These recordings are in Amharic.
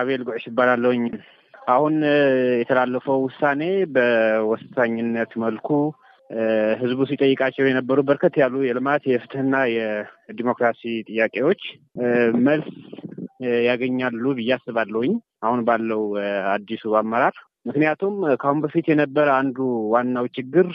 አቤል ጉዕሽ ይባላለውኝ። አሁን የተላለፈው ውሳኔ በወሳኝነት መልኩ ህዝቡ ሲጠይቃቸው የነበሩ በርከት ያሉ የልማት የፍትህና የዲሞክራሲ ጥያቄዎች መልስ ያገኛሉ ብዬ አስባለሁኝ አሁን ባለው አዲሱ አመራር። ምክንያቱም ከአሁን በፊት የነበረ አንዱ ዋናው ችግር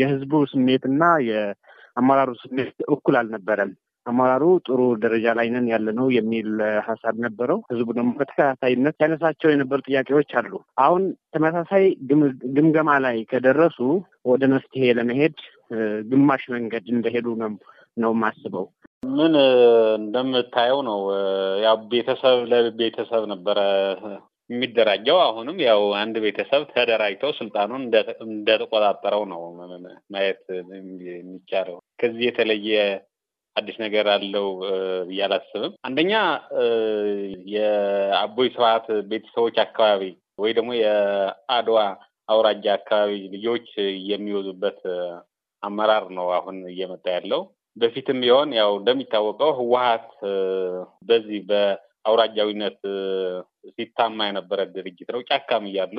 የህዝቡ ስሜትና የአመራሩ ስሜት እኩል አልነበረም። አመራሩ ጥሩ ደረጃ ላይ ነን ያለ ነው የሚል ሀሳብ ነበረው። ህዝቡ ደግሞ በተከታታይነት ሲያነሳቸው የነበሩ ጥያቄዎች አሉ። አሁን ተመሳሳይ ግምገማ ላይ ከደረሱ ወደ መፍትሄ ለመሄድ ግማሽ መንገድ እንደሄዱ ነው ነው የማስበው። ምን እንደምታየው ነው ያው ቤተሰብ ለቤተሰብ ነበረ የሚደራጀው አሁንም ያው አንድ ቤተሰብ ተደራጅተው ስልጣኑን እንደተቆጣጠረው ነው ማየት የሚቻለው። ከዚህ የተለየ አዲስ ነገር አለው ብዬ አላስብም። አንደኛ የአቦይ ስብሐት ቤተሰቦች አካባቢ ወይ ደግሞ የአድዋ አውራጃ አካባቢ ልጆች የሚወዙበት አመራር ነው አሁን እየመጣ ያለው። በፊትም ቢሆን ያው እንደሚታወቀው ህወሀት በዚህ በአውራጃዊነት ሲታማ የነበረ ድርጅት ነው። ጫካም እያሉ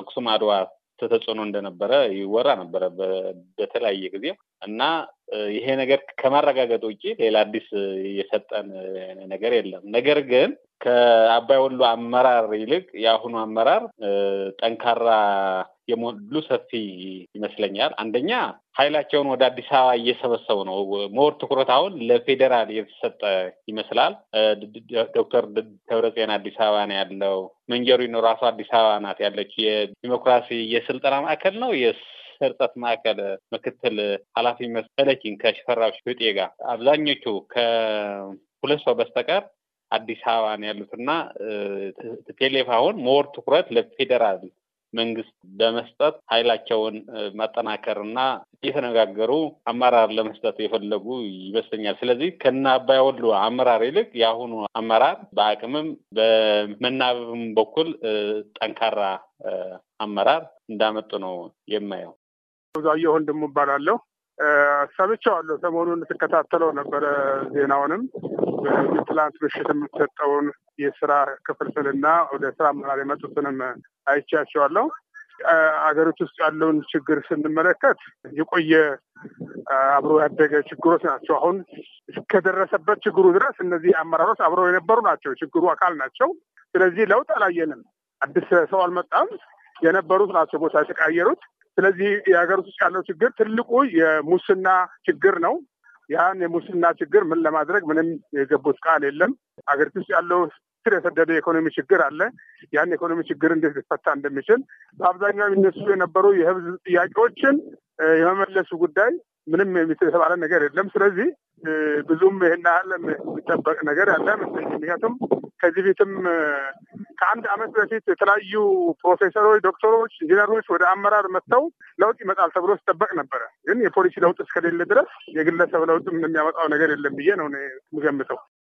አክሱም አድዋ ተጽዕኖ እንደነበረ ይወራ ነበረ በተለያየ ጊዜ። እና ይሄ ነገር ከማረጋገጥ ውጭ ሌላ አዲስ የሰጠን ነገር የለም። ነገር ግን ከአባይ ወሎ አመራር ይልቅ የአሁኑ አመራር ጠንካራ የሞሉ ሰፊ ይመስለኛል። አንደኛ ኃይላቸውን ወደ አዲስ አበባ እየሰበሰቡ ነው። ሞር ትኩረት አሁን ለፌዴራል የተሰጠ ይመስላል። ዶክተር ደብረጽዮን አዲስ አበባ ነው ያለው። መንጀሪኖ ራሱ አዲስ አበባ ናት ያለች የዲሞክራሲ የስልጠና ማዕከል ነው ሸርጸት ማዕከል ምክትል ኃላፊ መሰለችኝ ከሽፈራው ሽጤ ጋር አብዛኞቹ ከሁለት ሰው በስተቀር አዲስ አበባን ያሉትና ቴሌፍ አሁን ሞር ትኩረት ለፌዴራል መንግስት በመስጠት ኃይላቸውን ማጠናከር እና እየተነጋገሩ አመራር ለመስጠት የፈለጉ ይመስለኛል። ስለዚህ ከነ አባይ ወሉ አመራር ይልቅ የአሁኑ አመራር በአቅምም በመናበብም በኩል ጠንካራ አመራር እንዳመጡ ነው የማየው። ዛየሁ ወንድሙ እባላለሁ። ሰምቼዋለሁ። ሰሞኑን ስከታተለው ነበረ ዜናውንም ትላንት ምሽት የምትሰጠውን የስራ ክፍልፍልና ወደ ስራ አመራር የመጡትንም አይቻቸዋለሁ። አገሪቱ ውስጥ ያለውን ችግር ስንመለከት የቆየ አብሮ ያደገ ችግሮች ናቸው። አሁን እስከደረሰበት ችግሩ ድረስ እነዚህ አመራሮች አብረው የነበሩ ናቸው፣ ችግሩ አካል ናቸው። ስለዚህ ለውጥ አላየንም። አዲስ ሰው አልመጣም። የነበሩት ናቸው ቦታ የተቀያየሩት። ስለዚህ የሀገር ውስጥ ያለው ችግር ትልቁ የሙስና ችግር ነው። ያን የሙስና ችግር ምን ለማድረግ ምንም የገቡት ቃል የለም። ሀገሪቱ ውስጥ ያለው ስር የሰደደ የኢኮኖሚ ችግር አለ። ያን የኢኮኖሚ ችግር እንዴት ሊፈታ እንደሚችል በአብዛኛው የሚነሱ የነበሩ የህዝብ ጥያቄዎችን የመመለሱ ጉዳይ ምንም የተባለ ነገር የለም። ስለዚህ ብዙም ይህን ያህል የሚጠበቅ ነገር ያለ ምክንያቱም ከዚህ ቤትም ከአንድ አመት በፊት የተለያዩ ፕሮፌሰሮች፣ ዶክተሮች፣ ኢንጂነሮች ወደ አመራር መጥተው ለውጥ ይመጣል ተብሎ ሲጠበቅ ነበረ። ግን የፖሊሲ ለውጥ እስከሌለ ድረስ የግለሰብ ለውጥ የሚያመጣው ነገር የለም ብዬ ነው የምገምተው።